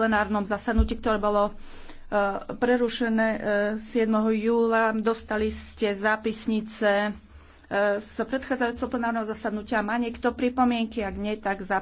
plenárnom zasadnutí, ktoré bolo e, prerušené 7. E, júla. Dostali ste zápisnice e, z predchádzajúceho plenárneho zasadnutia. Má niekto pripomienky? Ak nie, tak za